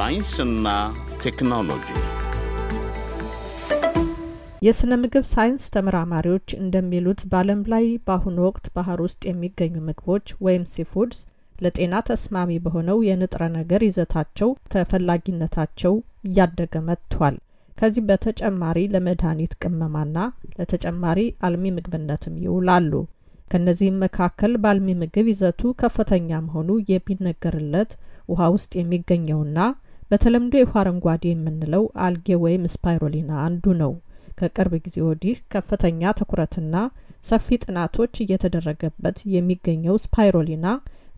ሳይንስና ቴክኖሎጂ የስነ ምግብ ሳይንስ ተመራማሪዎች እንደሚሉት በዓለም ላይ በአሁኑ ወቅት ባህር ውስጥ የሚገኙ ምግቦች ወይም ሲፉድስ ለጤና ተስማሚ በሆነው የንጥረ ነገር ይዘታቸው ተፈላጊነታቸው እያደገ መጥቷል። ከዚህ በተጨማሪ ለመድኃኒት ቅመማና ለተጨማሪ አልሚ ምግብነትም ይውላሉ። ከእነዚህም መካከል በአልሚ ምግብ ይዘቱ ከፍተኛ መሆኑ የሚነገርለት ውሃ ውስጥ የሚገኘውና በተለምዶ የውሃ አረንጓዴ የምንለው አልጌ ወይም ስፓይሮሊና አንዱ ነው። ከቅርብ ጊዜ ወዲህ ከፍተኛ ትኩረትና ሰፊ ጥናቶች እየተደረገበት የሚገኘው ስፓይሮሊና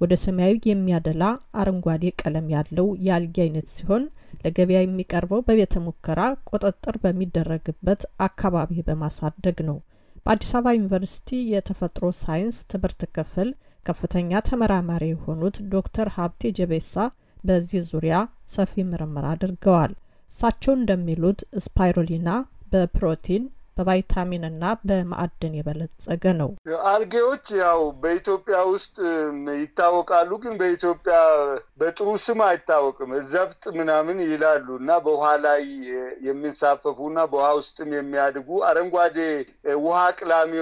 ወደ ሰማያዊ የሚያደላ አረንጓዴ ቀለም ያለው የአልጌ አይነት ሲሆን ለገበያ የሚቀርበው በቤተ ሙከራ ቁጥጥር በሚደረግበት አካባቢ በማሳደግ ነው። በአዲስ አበባ ዩኒቨርሲቲ የተፈጥሮ ሳይንስ ትምህርት ክፍል ከፍተኛ ተመራማሪ የሆኑት ዶክተር ሀብቴ ጀቤሳ በዚህ ዙሪያ ሰፊ ምርምር አድርገዋል። እሳቸው እንደሚሉት ስፓይሮሊና በፕሮቲን በቫይታሚን እና በማዕድን የበለጸገ ነው። አልጌዎች ያው በኢትዮጵያ ውስጥ ይታወቃሉ፣ ግን በኢትዮጵያ በጥሩ ስም አይታወቅም። ዘፍጥ ምናምን ይላሉ እና በውሃ ላይ የሚንሳፈፉ እና በውሃ ውስጥም የሚያድጉ አረንጓዴ ውሃ ቅላሚ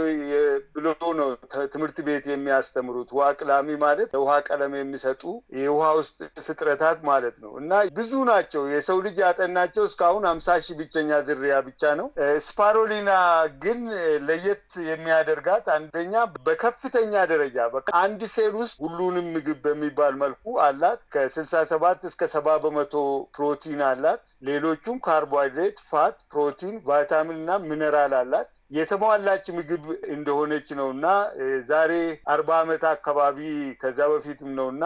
ብሎ ነው ትምህርት ቤት የሚያስተምሩት። ውሃ ቅላሚ ማለት ለውሃ ቀለም የሚሰጡ የውሃ ውስጥ ፍጥረታት ማለት ነው እና ብዙ ናቸው። የሰው ልጅ ያጠናቸው እስካሁን አምሳ ሺህ ብቸኛ ዝርያ ብቻ ነው ስፓሮሊ ቻይና ግን ለየት የሚያደርጋት አንደኛ በከፍተኛ ደረጃ አንድ ሴል ውስጥ ሁሉንም ምግብ በሚባል መልኩ አላት። ከስልሳ ሰባት እስከ ሰባ በመቶ ፕሮቲን አላት። ሌሎቹም ካርቦሃይድሬት፣ ፋት፣ ፕሮቲን፣ ቫይታሚን እና ሚነራል አላት። የተሟላች ምግብ እንደሆነች ነው እና ዛሬ አርባ ዓመት አካባቢ ከዛ በፊትም ነው እና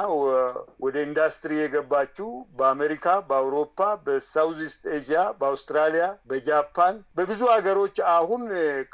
ወደ ኢንዱስትሪ የገባችው በአሜሪካ፣ በአውሮፓ፣ በሳውዝ ኢስት ኤዥያ፣ በአውስትራሊያ፣ በጃፓን በብዙ ሀገሮች አሁን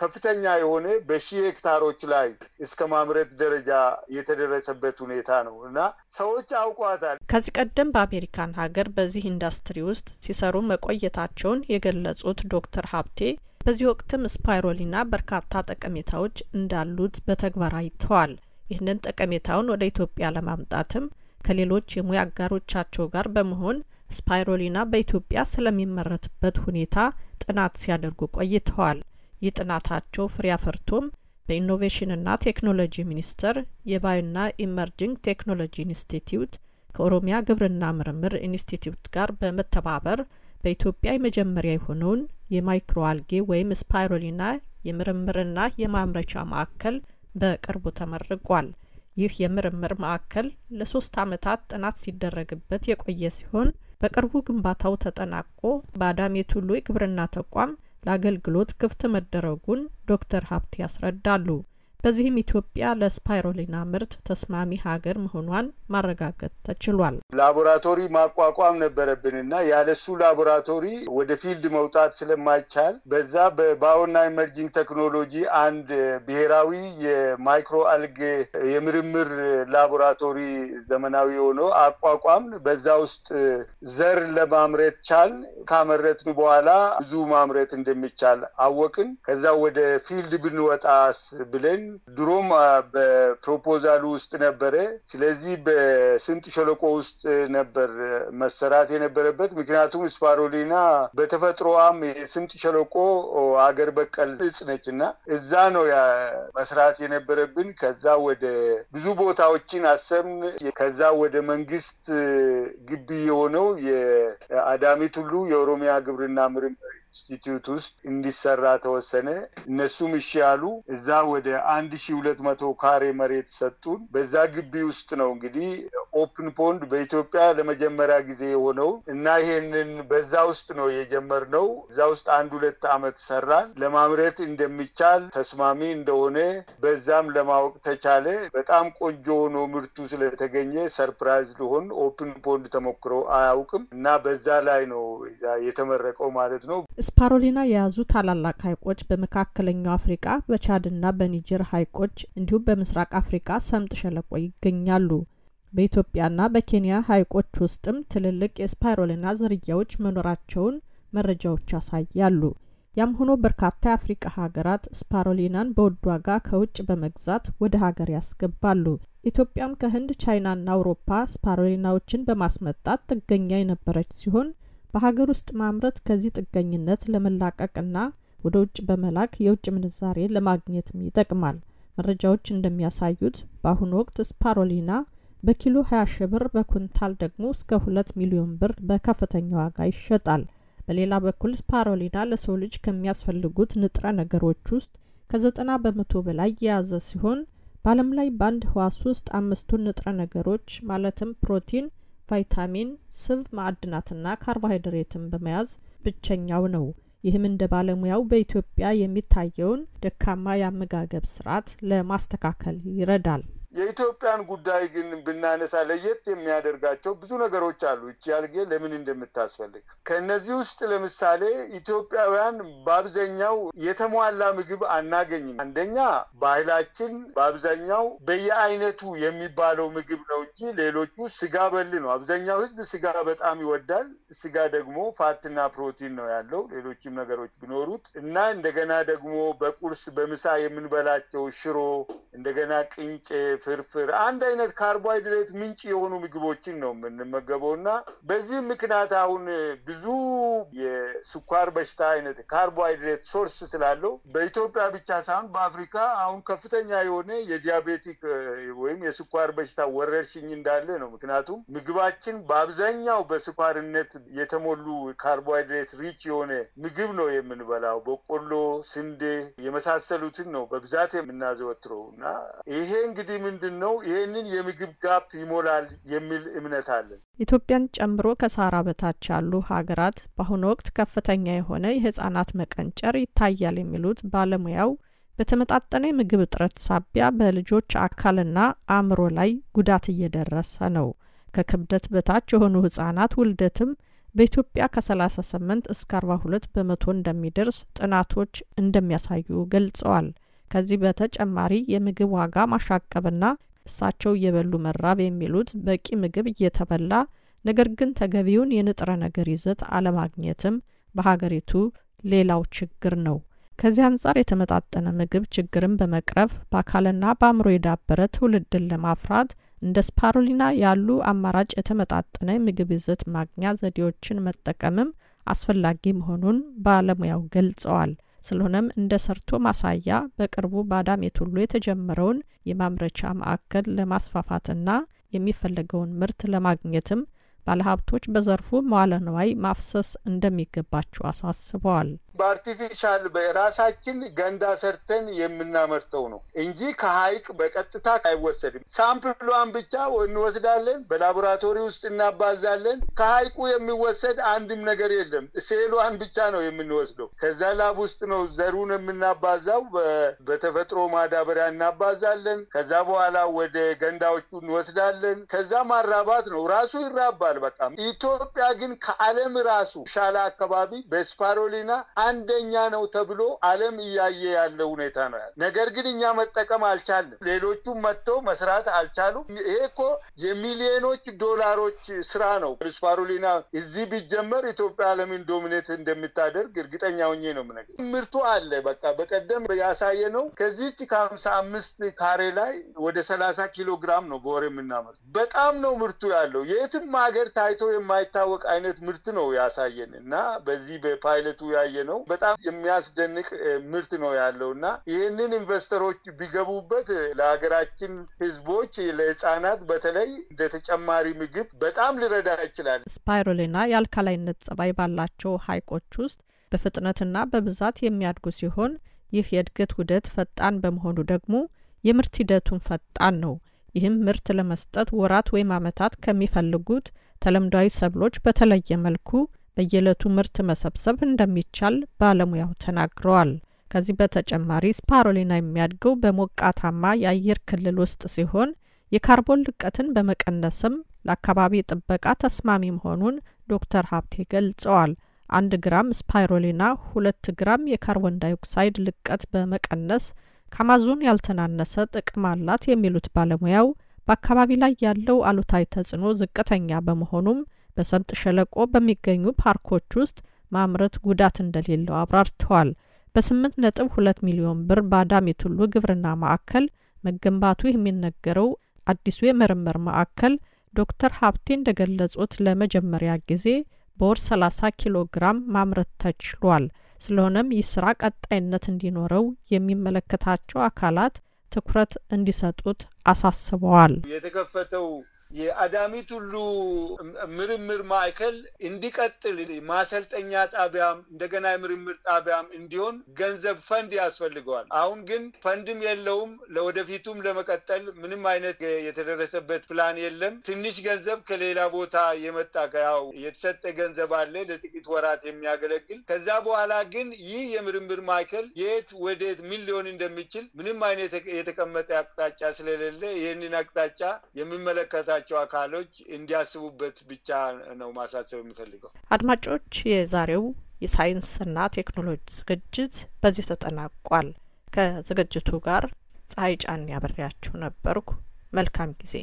ከፍተኛ የሆነ በሺ ሄክታሮች ላይ እስከ ማምረት ደረጃ የተደረሰበት ሁኔታ ነው እና ሰዎች አውቋታል። ከዚህ ቀደም በአሜሪካን ሀገር በዚህ ኢንዱስትሪ ውስጥ ሲሰሩ መቆየታቸውን የገለጹት ዶክተር ሀብቴ በዚህ ወቅትም ስፓይሮሊና በርካታ ጠቀሜታዎች እንዳሉት በተግባር አይተዋል። ይህንን ጠቀሜታውን ወደ ኢትዮጵያ ለማምጣትም ከሌሎች የሙያ አጋሮቻቸው ጋር በመሆን ስፓይሮሊና በኢትዮጵያ ስለሚመረትበት ሁኔታ ጥናት ሲያደርጉ ቆይተዋል። ይህ ጥናታቸው ፍሬ አፍርቶም በኢኖቬሽንና ቴክኖሎጂ ሚኒስቴር የባዮና ኢመርጂንግ ቴክኖሎጂ ኢንስቲትዩት ከኦሮሚያ ግብርና ምርምር ኢንስቲትዩት ጋር በመተባበር በኢትዮጵያ የመጀመሪያ የሆነውን የማይክሮ አልጌ ወይም ስፓይሮሊና የምርምርና የማምረቻ ማዕከል በቅርቡ ተመርቋል። ይህ የምርምር ማዕከል ለሶስት ዓመታት ጥናት ሲደረግበት የቆየ ሲሆን በቅርቡ ግንባታው ተጠናቆ በአዳሜ ቱሉ የግብርና ተቋም ለአገልግሎት ክፍት መደረጉን ዶክተር ሀብት ያስረዳሉ። በዚህም ኢትዮጵያ ለስፓይሮሊና ምርት ተስማሚ ሀገር መሆኗን ማረጋገጥ ተችሏል። ላቦራቶሪ ማቋቋም ነበረብንና ያለሱ ላቦራቶሪ ወደ ፊልድ መውጣት ስለማይቻል በዛ በባዮና ኢመርጂንግ ቴክኖሎጂ አንድ ብሔራዊ የማይክሮ አልግ የምርምር ላቦራቶሪ ዘመናዊ የሆነ አቋቋም በዛ ውስጥ ዘር ለማምረት ቻል። ካመረትን በኋላ ብዙ ማምረት እንደሚቻል አወቅን። ከዛ ወደ ፊልድ ብንወጣስ ብለን ድሮም በፕሮፖዛሉ ውስጥ ነበረ። ስለዚህ በስምጥ ሸለቆ ውስጥ ነበር መሰራት የነበረበት። ምክንያቱም ስፓሮሊና በተፈጥሮዋም የስምጥ ሸለቆ አገር በቀል እጽ ነች እና እዛ ነው መስራት የነበረብን። ከዛ ወደ ብዙ ቦታዎችን አሰብን። ከዛ ወደ መንግስት ግቢ የሆነው የአዳሚት ሁሉ የኦሮሚያ ግብርና ምርምር ኢንስቲትዩት ውስጥ እንዲሰራ ተወሰነ። እነሱም እሺ እዛ ወደ አንድ ሺ ሁለት መቶ ካሬ መሬት ሰጡን። በዛ ግቢ ውስጥ ነው እንግዲህ ኦፕን ፖንድ በኢትዮጵያ ለመጀመሪያ ጊዜ የሆነው እና ይሄንን በዛ ውስጥ ነው የጀመርነው። እዛ ውስጥ አንድ ሁለት አመት ሰራን። ለማምረት እንደሚቻል ተስማሚ እንደሆነ በዛም ለማወቅ ተቻለ። በጣም ቆንጆ ሆኖ ምርቱ ስለተገኘ ሰርፕራይዝ ሊሆን ኦፕን ፖንድ ተሞክሮ አያውቅም እና በዛ ላይ ነው የተመረቀው ማለት ነው። ስፓሮሊና የያዙ ታላላቅ ሀይቆች በመካከለኛው አፍሪቃ በቻድና በኒጀር ሀይቆች እንዲሁም በምስራቅ አፍሪካ ሰምጥ ሸለቆ ይገኛሉ። በኢትዮጵያና በኬንያ ሀይቆች ውስጥም ትልልቅ የስፓይሮሌና ዝርያዎች መኖራቸውን መረጃዎች ያሳያሉ። ያም ሆኖ በርካታ የአፍሪቃ ሀገራት ስፓሮሊናን በውድ ዋጋ ከውጭ በመግዛት ወደ ሀገር ያስገባሉ። ኢትዮጵያም ከህንድ፣ ቻይናና አውሮፓ ስፓሮሊናዎችን በማስመጣት ጥገኛ የነበረች ሲሆን በሀገር ውስጥ ማምረት ከዚህ ጥገኝነት ለመላቀቅና ወደ ውጭ በመላክ የውጭ ምንዛሬ ለማግኘትም ይጠቅማል። መረጃዎች እንደሚያሳዩት በአሁኑ ወቅት ስፓሮሊና በኪሎ 20 ሺ ብር በኩንታል ደግሞ እስከ 2 ሚሊዮን ብር በከፍተኛ ዋጋ ይሸጣል። በሌላ በኩል ስፓሮሊና ለሰው ልጅ ከሚያስፈልጉት ንጥረ ነገሮች ውስጥ ከ90 በመቶ በላይ የያዘ ሲሆን በዓለም ላይ በአንድ ህዋስ ውስጥ አምስቱን ንጥረ ነገሮች ማለትም ፕሮቲን፣ ቫይታሚን፣ ስብ፣ ማዕድናትና ካርቦሃይድሬትን በመያዝ ብቸኛው ነው። ይህም እንደ ባለሙያው በኢትዮጵያ የሚታየውን ደካማ የአመጋገብ ስርዓት ለማስተካከል ይረዳል። የኢትዮጵያን ጉዳይ ግን ብናነሳ ለየት የሚያደርጋቸው ብዙ ነገሮች አሉ። እቺ አልጌ ለምን እንደምታስፈልግ ከእነዚህ ውስጥ ለምሳሌ ኢትዮጵያውያን በአብዛኛው የተሟላ ምግብ አናገኝም። አንደኛ ባህላችን በአብዛኛው በየአይነቱ የሚባለው ምግብ ነው እንጂ ሌሎቹ ስጋ በል ነው። አብዛኛው ህዝብ ስጋ በጣም ይወዳል። ስጋ ደግሞ ፋትና ፕሮቲን ነው ያለው፣ ሌሎችም ነገሮች ቢኖሩት እና እንደገና ደግሞ በቁርስ በምሳ የምንበላቸው ሽሮ እንደገና ቅንጬ፣ ፍርፍር አንድ አይነት ካርቦሃይድሬት ምንጭ የሆኑ ምግቦችን ነው የምንመገበው እና በዚህ ምክንያት አሁን ብዙ የስኳር በሽታ አይነት ካርቦሃይድሬት ሶርስ ስላለው በኢትዮጵያ ብቻ ሳይሆን በአፍሪካ አሁን ከፍተኛ የሆነ የዲያቤቲክ ወይም የስኳር በሽታ ወረርሽኝ እንዳለ ነው። ምክንያቱም ምግባችን በአብዛኛው በስኳርነት የተሞሉ ካርቦሃይድሬት ሪች የሆነ ምግብ ነው የምንበላው። በቆሎ፣ ስንዴ የመሳሰሉትን ነው በብዛት የምናዘወትረው። እና ይሄ እንግዲህ ምንድን ነው ይህንን የምግብ ጋፕ ይሞላል የሚል እምነት አለን። ኢትዮጵያን ጨምሮ ከሳራ በታች ያሉ ሀገራት በአሁኑ ወቅት ከፍተኛ የሆነ የህጻናት መቀንጨር ይታያል የሚሉት ባለሙያው በተመጣጠነ የምግብ እጥረት ሳቢያ በልጆች አካልና አእምሮ ላይ ጉዳት እየደረሰ ነው። ከክብደት በታች የሆኑ ህጻናት ውልደትም በኢትዮጵያ ከ38 እስከ 42 በመቶ እንደሚደርስ ጥናቶች እንደሚያሳዩ ገልጸዋል። ከዚህ በተጨማሪ የምግብ ዋጋ ማሻቀብና እሳቸው እየበሉ መራብ የሚሉት በቂ ምግብ እየተበላ ነገር ግን ተገቢውን የንጥረ ነገር ይዘት አለማግኘትም በሀገሪቱ ሌላው ችግር ነው። ከዚህ አንጻር የተመጣጠነ ምግብ ችግርን በመቅረፍ በአካልና በአእምሮ የዳበረ ትውልድን ለማፍራት እንደ ስፓሩሊና ያሉ አማራጭ የተመጣጠነ ምግብ ይዘት ማግኛ ዘዴዎችን መጠቀምም አስፈላጊ መሆኑን ባለሙያው ገልጸዋል። ስለሆነም እንደ ሰርቶ ማሳያ በቅርቡ በአዳሜ ቱሉ የተጀመረውን የማምረቻ ማዕከል ለማስፋፋትና የሚፈለገውን ምርት ለማግኘትም ባለሀብቶች በዘርፉ መዋለ ንዋይ ማፍሰስ እንደሚገባቸው አሳስበዋል። በአርቲፊሻል በራሳችን ገንዳ ሰርተን የምናመርተው ነው እንጂ ከሀይቅ በቀጥታ አይወሰድም። ሳምፕሏን ብቻ እንወስዳለን፣ በላቦራቶሪ ውስጥ እናባዛለን። ከሀይቁ የሚወሰድ አንድም ነገር የለም። ሴሏን ብቻ ነው የምንወስደው። ከዛ ላብ ውስጥ ነው ዘሩን የምናባዛው። በተፈጥሮ ማዳበሪያ እናባዛለን። ከዛ በኋላ ወደ ገንዳዎቹ እንወስዳለን። ከዛ ማራባት ነው። ራሱ ይራባል። በቃ ኢትዮጵያ ግን ከዓለም ራሱ ሻላ አካባቢ በስፓሮሊና አንደኛ ነው ተብሎ ዓለም እያየ ያለ ሁኔታ ነው። ነገር ግን እኛ መጠቀም አልቻልም። ሌሎቹም መጥቶ መስራት አልቻሉም። ይሄ እኮ የሚሊዮኖች ዶላሮች ስራ ነው። ስፓሩሊና እዚህ ቢጀመር ኢትዮጵያ ዓለምን ዶሚኔት እንደምታደርግ እርግጠኛ ሆኜ ነው የምነግርህ። ምርቱ አለ። በቃ በቀደም ያሳየ ነው። ከዚች ከሀምሳ አምስት ካሬ ላይ ወደ ሰላሳ ኪሎ ግራም ነው በወር የምናመርት። በጣም ነው ምርቱ ያለው። የትም ሀገር ታይቶ የማይታወቅ አይነት ምርት ነው ያሳየን እና በዚህ በፓይለቱ ያየ ነው ነው። በጣም የሚያስደንቅ ምርት ነው ያለው እና ይህንን ኢንቨስተሮች ቢገቡበት ለሀገራችን ህዝቦች፣ ለህፃናት በተለይ እንደ ተጨማሪ ምግብ በጣም ሊረዳ ይችላል። ስፓይሮሌና የአልካላይነት ጸባይ ባላቸው ሀይቆች ውስጥ በፍጥነትና በብዛት የሚያድጉ ሲሆን ይህ የእድገት ውደት ፈጣን በመሆኑ ደግሞ የምርት ሂደቱን ፈጣን ነው። ይህም ምርት ለመስጠት ወራት ወይም ዓመታት ከሚፈልጉት ተለምዷዊ ሰብሎች በተለየ መልኩ በየዕለቱ ምርት መሰብሰብ እንደሚቻል ባለሙያው ተናግረዋል። ከዚህ በተጨማሪ ስፓሮሊና የሚያድገው በሞቃታማ የአየር ክልል ውስጥ ሲሆን የካርቦን ልቀትን በመቀነስም ለአካባቢ ጥበቃ ተስማሚ መሆኑን ዶክተር ሀብቴ ገልጸዋል። አንድ ግራም ስፓይሮሊና ሁለት ግራም የካርቦን ዳይኦክሳይድ ልቀት በመቀነስ ከአማዞን ያልተናነሰ ጥቅም አላት የሚሉት ባለሙያው በአካባቢ ላይ ያለው አሉታዊ ተጽዕኖ ዝቅተኛ በመሆኑም በሰምጥ ሸለቆ በሚገኙ ፓርኮች ውስጥ ማምረት ጉዳት እንደሌለው አብራርተዋል። በ ነጥብ ሁለት ሚሊዮን ብር በአዳሚ ቱሉ ግብርና ማዕከል መገንባቱ የሚነገረው አዲሱ የምርምር ማዕከል ዶክተር ሀብቴ እንደገለጹት ለመጀመሪያ ጊዜ በወር 30 ኪሎ ግራም ማምረት ተችሏል። ስለሆነም ይህ ስራ ቀጣይነት እንዲኖረው የሚመለከታቸው አካላት ትኩረት እንዲሰጡት አሳስበዋል። የተከፈተው የአዳሚ ቱሉ ምርምር ማዕከል እንዲቀጥል ማሰልጠኛ ጣቢያም እንደገና የምርምር ጣቢያም እንዲሆን ገንዘብ ፈንድ ያስፈልገዋል። አሁን ግን ፈንድም የለውም። ለወደፊቱም ለመቀጠል ምንም አይነት የተደረሰበት ፕላን የለም። ትንሽ ገንዘብ ከሌላ ቦታ የመጣ ያው የተሰጠ ገንዘብ አለ ለጥቂት ወራት የሚያገለግል። ከዛ በኋላ ግን ይህ የምርምር ማዕከል የት ወዴት ምን ሊሆን እንደሚችል ምንም አይነት የተቀመጠ አቅጣጫ ስለሌለ ይህንን አቅጣጫ የሚመለከታ የሚመለከታቸው አካሎች እንዲያስቡበት ብቻ ነው ማሳሰብ የምፈልገው። አድማጮች፣ የዛሬው የሳይንስና ቴክኖሎጂ ዝግጅት በዚህ ተጠናቋል። ከዝግጅቱ ጋር ፀሐይ ጫን ያበሪያችሁ ነበርኩ። መልካም ጊዜ